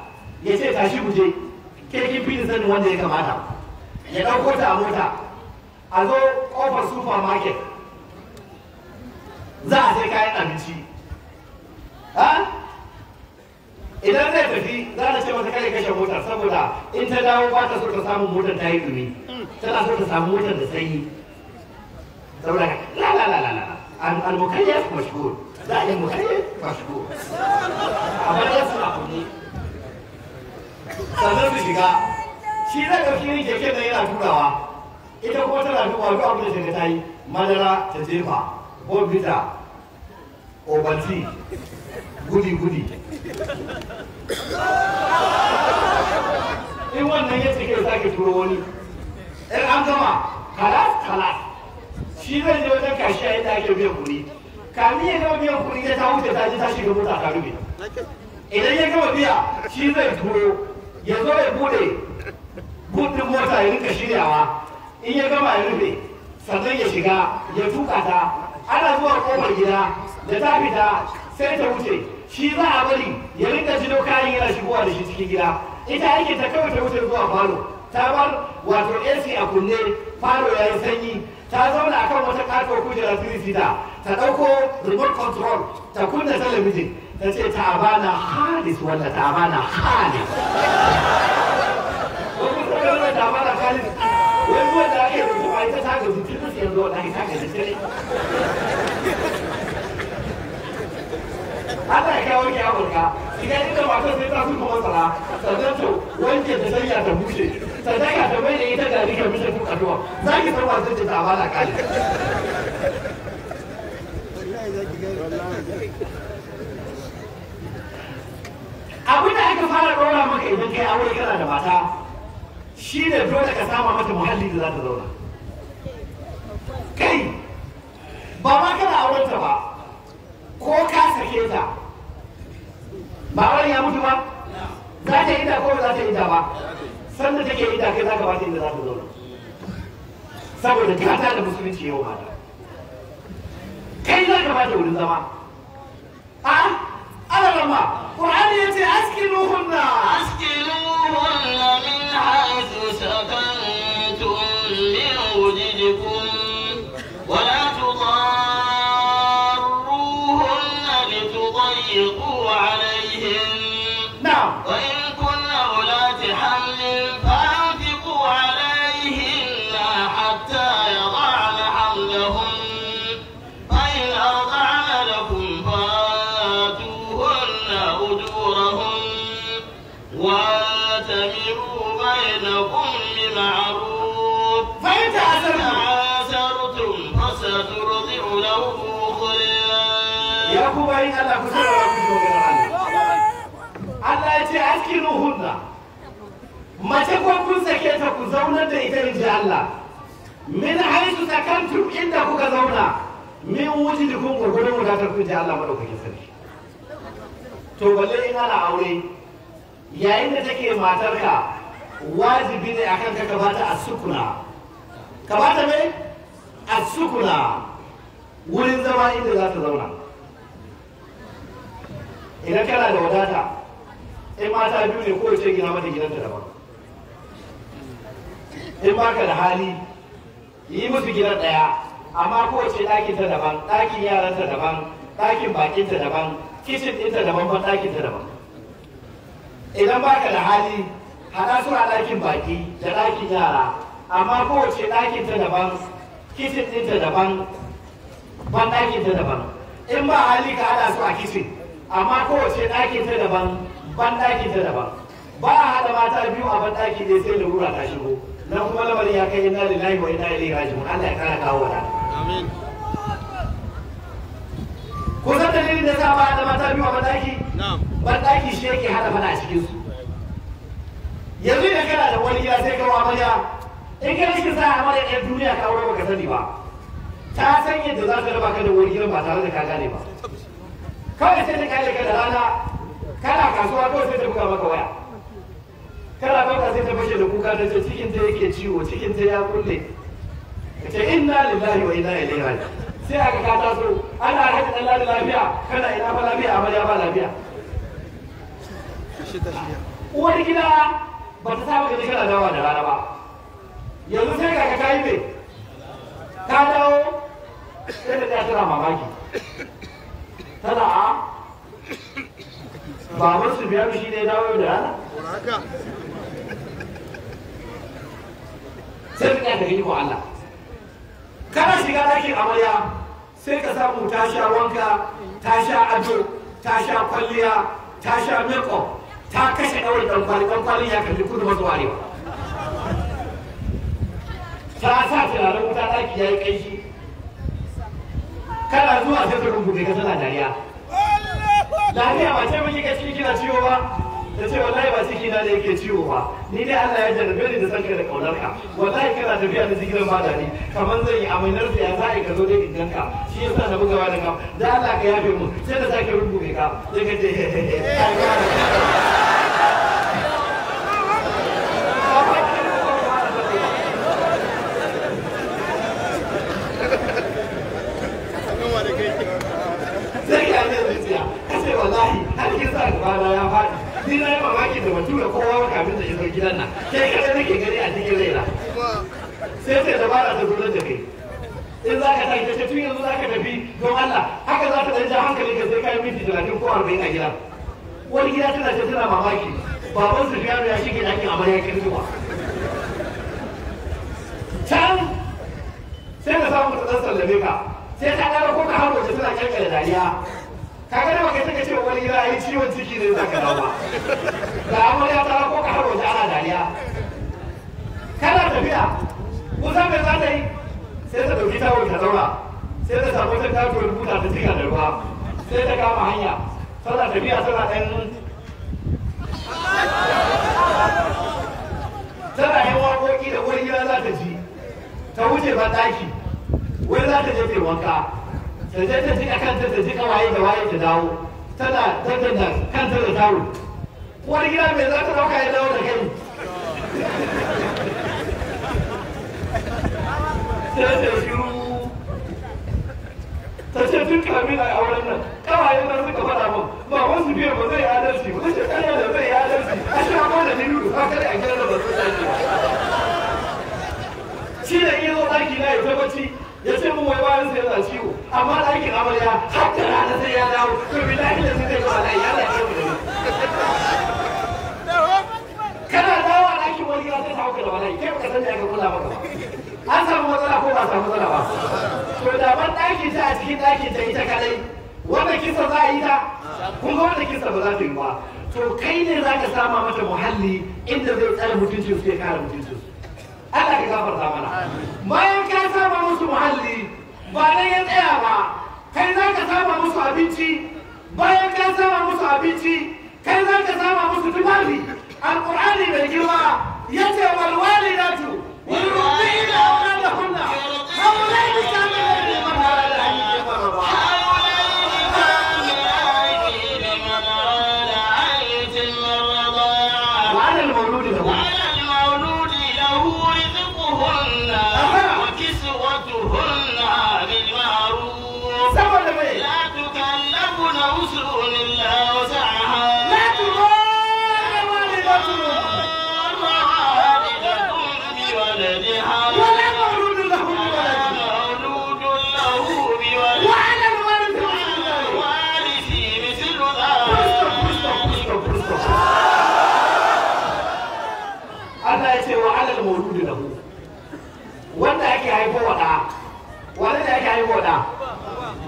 ya ce tashi mu je ke kin fi sani wanda ya kamata ya ɗauko ta a mota a zo ƙofar supermarket za a sai kayan abinci ha idan zai tafi za a ce masa kare kashe motar saboda in ta dawo ba ta so ta samu motar ta yi ɗumi tana so ta samu motar da sanyi saboda la la la la la al-mukayyaf mashhur za a yi mukayyaf mashhur bayan su na kuɗi sannan su shiga shi zai keke da yana turawa ita kuma tana duba duk abin da ta yi madara in wannan turo wani an kalas kalas shi zai ake biyan biyan ta wuce ta ta shiga idan ya biya shi zai turo ya zo ya bude buɗin mota ya rinka shiryawa in ya gama ya rufe sannan ya shiga ya tuka ta ana zuwa kofar gida da ta fita sai ta wuce shi za a bari ya rinka jino kayan yana shigowa da shi cikin gida ita yake ta kawai ta wuce zuwa falo ta bar wato ac a kunne falo ya yi sanyi ta zauna akan wata kato kujera 3 ta ɗauko remote control ta kunna talabijin ta ce ta'abana halis wanda ta'abana halis wani kuma wanda ta'abana halis wani wanda ake rubuta ba ita ta gaji tun sai yanzu wanda ita gaji tare Allah ya kawo ya burka idan ita matar sai ta su kuma tsara sannan to wanke da zanya ta bushe sannan ka ta mai da ita gari ka bushe kun addu'a za ki san wasu ce ta'abana halis idan kai aure kana da mata shi ne dole ka sama mata muhalli da za ta zauna kai ba ma kana aurenta ba ko ka sake ta ba wani ya mutu ba za ta yi ko za ta ida ba sanda take ida kai za ka ba ta inda za ta zauna saboda ta da musulunci yau mata kai za ka ba ta wurin zama sallama Qur'ani yace askiluhunna askiluhunna min haythu sakan hunna mace ko kun sake ta ku zaunar da ita inji Allah min haitu sakantum inda kuka zauna min wujudikum gurgurun wadatar ku inji Allah madaukakin sarki to balle in ana aure yayin da take matar ka wajibi ne akan ka kabata a sukuna kabata me a sukuna wurin zama inda za ta zauna idan kana da wadata in mata biyu ne kowace gina mata gidanta daban in baka da hali yi musu gida ɗaya amma kowace ɗakin ta daban ɗakin ta daban ɗakin ta daban kicin ɗinta daban ban ɗakinta daban idan baka da hali haɗa su a ɗakin baki da ɗakin yara amma kowace ɗakin ta daban kicin ɗinta daban ban ɗakin ta daban in ba hali ka haɗa su a kicin amma kowace ɗakin ta daban banɗakin ta daban ba a haɗa mata biyu a banɗaki da sai larura ta shigo na kuma lamarin ya kai inna lillahi wa inna ilaihi raji'un Allah ya kara kawo wada amin ko san dalilin da za ba haɗa mata biyu a banɗaki banɗaki shi yake haɗa fada a cikin su yanzu da kana da wani ya sai kawo amarya in kana cikin sa amarya ɗan duniya ka aure ka sani ba ta san yadda za ta raba ka da wani girma ba tare da ka gane ba kawai sai ta kai ka da rana kana kasuwa kawai sai ta buga maka waya kana ɗauka sai ta fashe da kuka da ce cikin ta yake ciwo cikin ta ya kulle ka ce inna lillahi wa inna ilaihi raji sai aka ka taso ana rage ɗan lada lafiya kana ina fa lafiya ya ba lafiya uwar gida ba ta saba gani kana dawa da rana ba yanzu sai ka ka yi me ka dawo sai ta tana mamaki tana a ah, baban su biya shi ne dawo da rana sai ka da iko Allah kana shiga ɗakin amarya sai ka samu ta sha wanka ta sha ado ta sha kwalliya ta sha meko ta kashe ɗaurin ɗan kwali ɗan kwali ya kalli kudu maso arewa ta sa turaren wuta ɗaki ya yi ƙanshi kana zuwa sai ka ka tana dariya lafiya ba sai mun yi ciki kina ciwo ba ta ce wallahi ba ciki na da yake ciwo ba ni dai Allah ya jarrabe ni da san ka da kaunar ka wallahi kana tafiya da zikirin ba da ni kamar zan yi aminar da ya za'i ka zo dai inganka ganka shi yasa na bugawa da ka da Allah ka yafe mu sai da sake rubuce ka sai ka ce hankali inda zai tsare mutuncin su ya kare mutuncin su Allah ka gafarta mana bayan ka saba musu muhalli ba nan ya tsaya ba kai za ka saba musu abinci bayan ka saba musu abinci kai za ka saba musu tufafi alqur'ani mai girma yace walwalidatu walidatu yurdi'na awladahunna hawlaini kamilina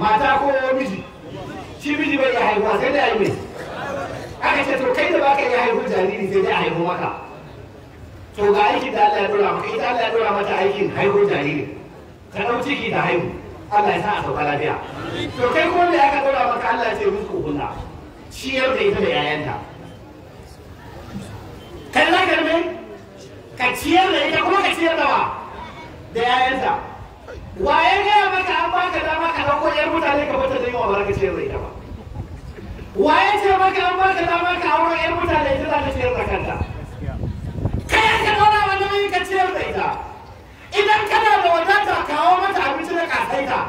mata ko miji shi miji bai ya haihuwa sai dai haihu aka ce to kai da ba ka yi haihu jariri sai dai haihu maka to ga aikin da Allah ya dora maka ita Allah ya dora mata aikin haihu jariri ta dau ciki ta haihu Allah ya sa a sauka lafiya to kai ko da aka dora maka Allah ya ce musu kunna ciyar da ita da yayanta kai za ka ka ciyar da ita kuma ka ciyar da wa da yayanta wa ya gaya maka an baka dama ka dauko 'yar mutane ka bata don yi wa baraka ciyar da ba wa ya ce maka an baka dama ka aure 'yar mutane ita za ta ciyar da kanta kai ka ɗora wa nauyin ka ciyar da ita idan kana da wadata kawo mata abinci na kasaita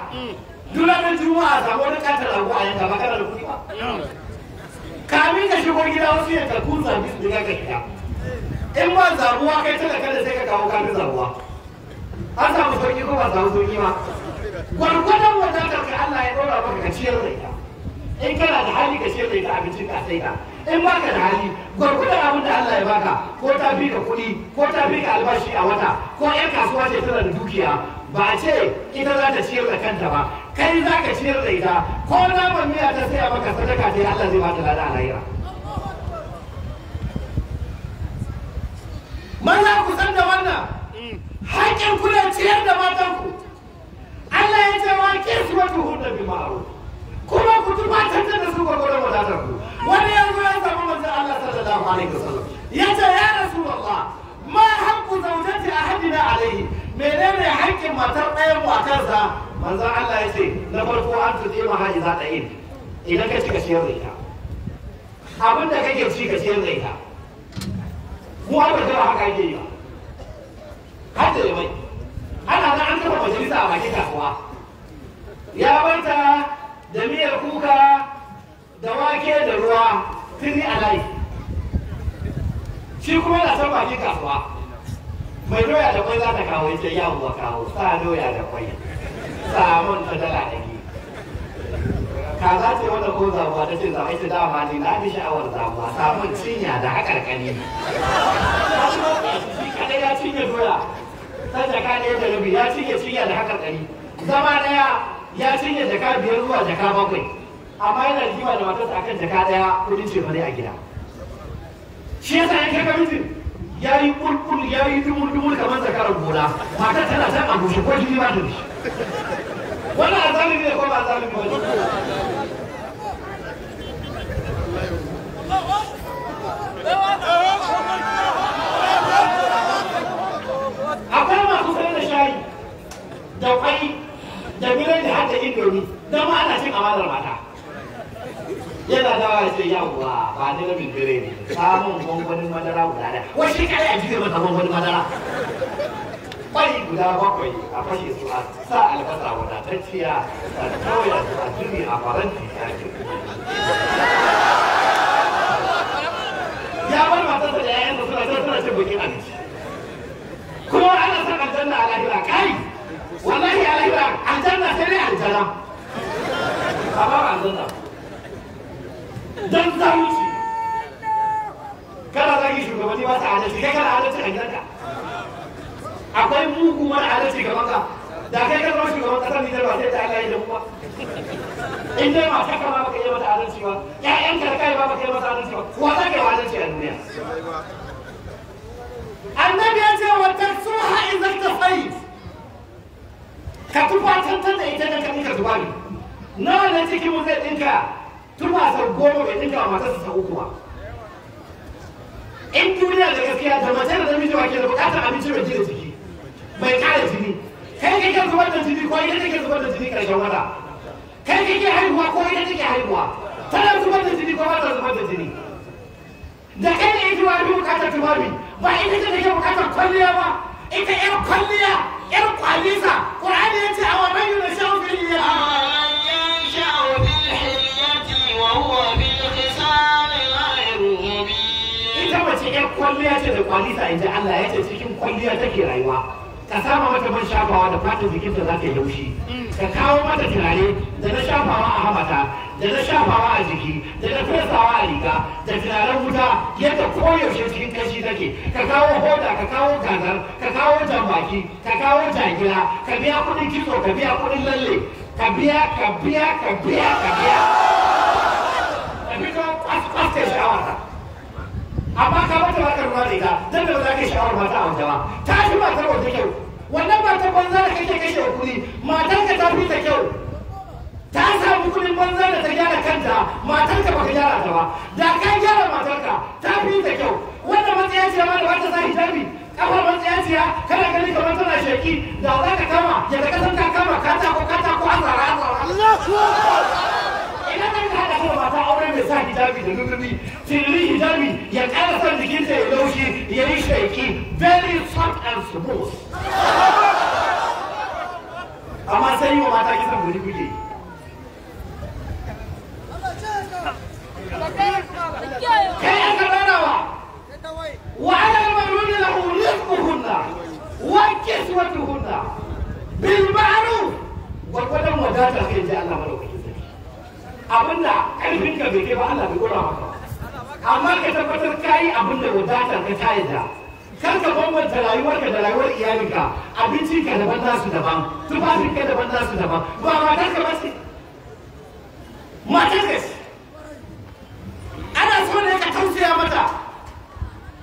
duk ranar juma'a samu wani katar abu a yanka ba kana da kuɗi ba kamin ka shigo gida wasu yanka kun zabi su dinga ka gida in ba zabuwa kai talaka da sai ka kawo kamin zabuwa an samu sauki ko ba samu sauki ba gwargwadon wata daga Allah ya ɗora maka ka ciyar da ita in kana da hali ka ciyar da ita abincin ka sai ka in baka da hali gwargwadon abin da Allah ya baka ko ta ka kuɗi ko ta ka albashi a wata ko 'yan kasuwa ce tana da dukiya ba ce ita za ta ciyar da kanta ba kai za ka ciyar da ita ko naman miya ta saya maka sadaka sai Allah zai bata lada a maza ku san da wannan Haƙƙin ku ne ciyar da matan ku Allah ya ce wa ke su wata hudu bi ma'aru kuma ku tubatar da su gwagwarin wadatar ku wani yanzu ya zama manzan Allah sallallahu alaihi wasallam ya ce ya rasu Allah ma haƙƙu zaunati a hadina alaihi menene haƙƙin matar ɗayan mu a kansa manzon Allah ya ce na farko an tuje ma haji za ta yi idan ka ci ka ciyar da ita abinda da kake ci ka ciyar da ita mu haka jira haka yake yi ba har da yawai ana nan an kafa majalisa a bakin kasuwa ya banta da miyar kuka da wake da ruwa tuni a layi shi kuma yana san bakin kasuwa mai doya da kwai za ta kawo ita yawuwa kawo sa doya da kwai samun ta dala da ni ka za ta wanda ko zabuwa ta ce zama ta dama ne na fi sha'awar zabuwa samun cinya da haƙarƙari kaɗai ya cinye doya sai jaka ɗaya da rabi ya cinye cinye da haka ɗari zama ɗaya ya cinye jaka biyar zuwa jaka bakwai amma yana jiwa da matarsa akan jaka ɗaya kudin ce a gida shi yasa ya kaga mijin ya yi kulkul ya yi dumul dumul kamar zakarar gona matar tana can a bushe ko jini ba ta wannan azalimi ne ko ba azalimi ba ne da kwai da biredi har da indomi don ma ana cin amanar mata yana dawa ya ce yawwa ba ni rabin ne'. samun gwangwanin madara guda ɗaya wai shi kare a jikin mata gwangwanin madara kwai guda bakwai a fashe su a sa albasa wadatacciya a tsawoya su a jiri a faranti ya ke ya bar matarsa da yayan da suna suna cin bukin abinci kuma ana son aljanna a lahira kai wallahi alahira aljanna sai dai aljana a ba aljanna dan zalunci kana zagi shugabanni ba ta adalci kai kana adalci a gidanka akwai mugu mara adalci gaban ka da kai ka zama shugaban kasar Nijar ba sai ta Allah ya damu ba in dai ma saka ba yi mata adalci ba ƴaƴan ka kai ba baka yi mata adalci ba wa za ka yi adalci a ya ka tufatantar da ita da ka ɗinka tufafi nawa na cikin mu zai ɗinka tufasar goma bai ɗinka a matarsa sau uku ba in duniya da gaskiya da mace da namiji wa ke da bukatar abinci mai gina jiki mai kare jini kai kake zubar da jini ko yadda kake zubar da jini karshen wata kai kake haihuwa ko yadda kake haihuwa tana zubar da jini ko ba zubar da jini da kai ne ita wa biyu bukatar tufafi ba ita ce take bukatar kwalliya ba ita 'yan kwalliya yar kwalisa qur'ani ya awa man yunashu fil wa huwa da khisal ghayru ita wace yar kwalliya ce da kwalisa inda Allah ya ce cikin kwalliya take rayuwa ka sama mata man shafawa da fatan jikinta za ta yi laushi ka kawo mata tunani da na shafawa a hamata da na shafawa a jiki da na fesawa a riga da tunanin wuta yadda koyaushe cikin kashi take ka kawo hoda ka kawo kazar ka kawo jambaki ka kawo jagira ka biya kudin kitso ka biya kudin lalle ka biya ka biya ka biya ka biya amma ka bata ba ka ruwa da ita dan da ba za ka sha'awar mata a wajen ba ta shi ba ta wata kyau wannan ba matar banza da kake kashe kuɗi matar ka ta fi ta kyau ta samu kuɗin banza da ta gyara kanta matar ka baka gyara ta ba da ka gyara matar ka ta fi ta kyau wannan matsayin ce ma da ba ta sa hijabi kafar matsayin ce kana gani kamar tana sheki da za ka kama ya da kasan ka kama kata ko kata ko azara azara Allah mata aure mai sa hijabi da lullubi sirri hijabi ya ƙara san jikinta ya laushi ya yi shaiki very soft and smooth amma sai yi wa mata kisan buri kuke kai an ka ranawa wa ala al-maruni lahu rizquhunna wa kiswatuhunna bil ma'ruf wa qadam wadatar kai ji Allah malauki abinda karfin ka bai kai ba Allah bai kura maka amma ka tabbatar ka yi abinda wadatar ka ta yadda kar ka bambanta ka da rayuwar iyalinka abincin ka daban su daban tufafin ka daban su daban ba matar ka ba ce matar ka ana so ne ka tausaya mata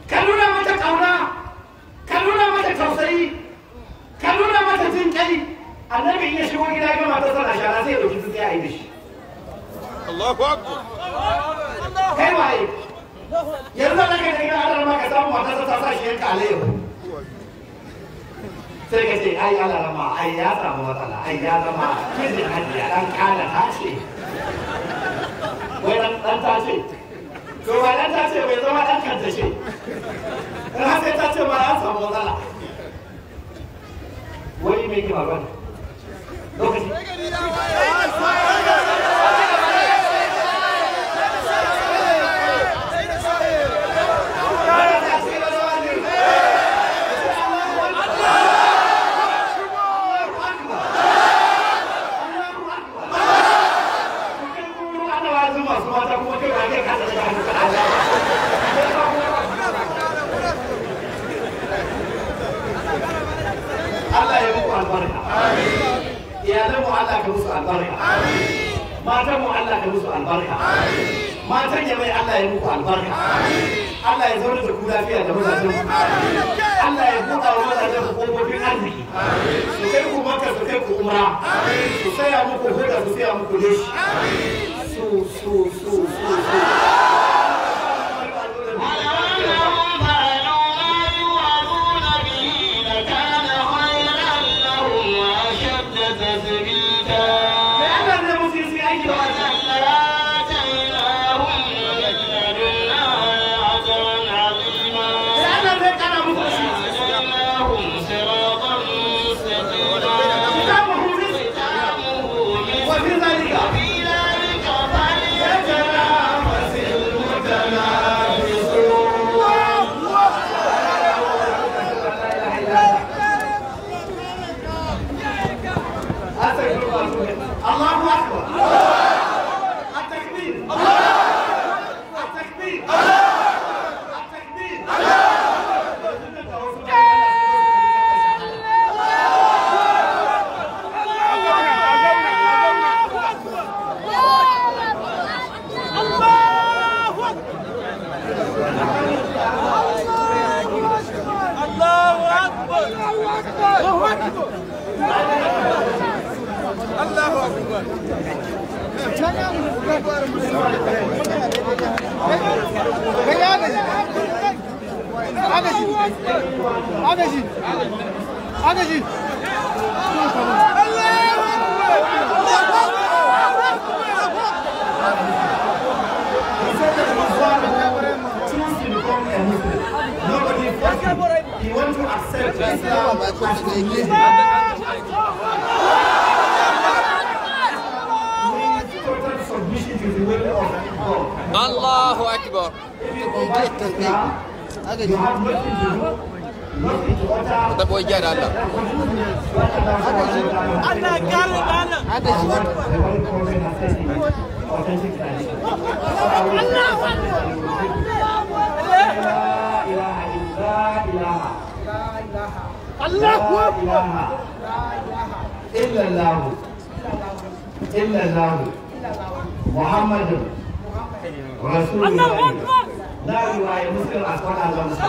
ka nuna mata kauna ka nuna mata tausayi ka nuna mata jin kai annabi in ya shigo gida ga matarsa na shara sai ya dauki tsintsiya a yi da shi Allahu akbar kai waye yanzu da ma ka sai ka ce dan kala ta ce dan ta ce ba dan ta ce bai zama dan kanta ce ta ce wani mai kima ba lokaci musu albarka matan mu Allah ya musu albarka matan ya mai Allah ya muku albarka Allah ya zaune da ku lafiya da mazajen ku Allah ya buɗa wa mazajen ku kofofin arziki su kai ku maka su kai ku umra su saya muku huda su saya muku dashi. su su su su su 아가씨 아가씨 Nobody, he wants to accept. الله اكبر طب وجاد هلا انا قلب انا هذا الله اكبر الا الله الا الله محمد Rasulullah. Muslim as as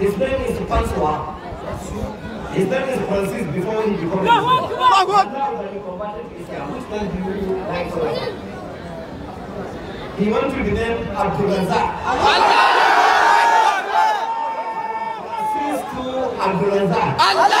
His name is Francois. His name is Francis before he became Islam. Now when he converted Islam, which name do you like so much? He went to the name Abdul Francis to Abdul Allah!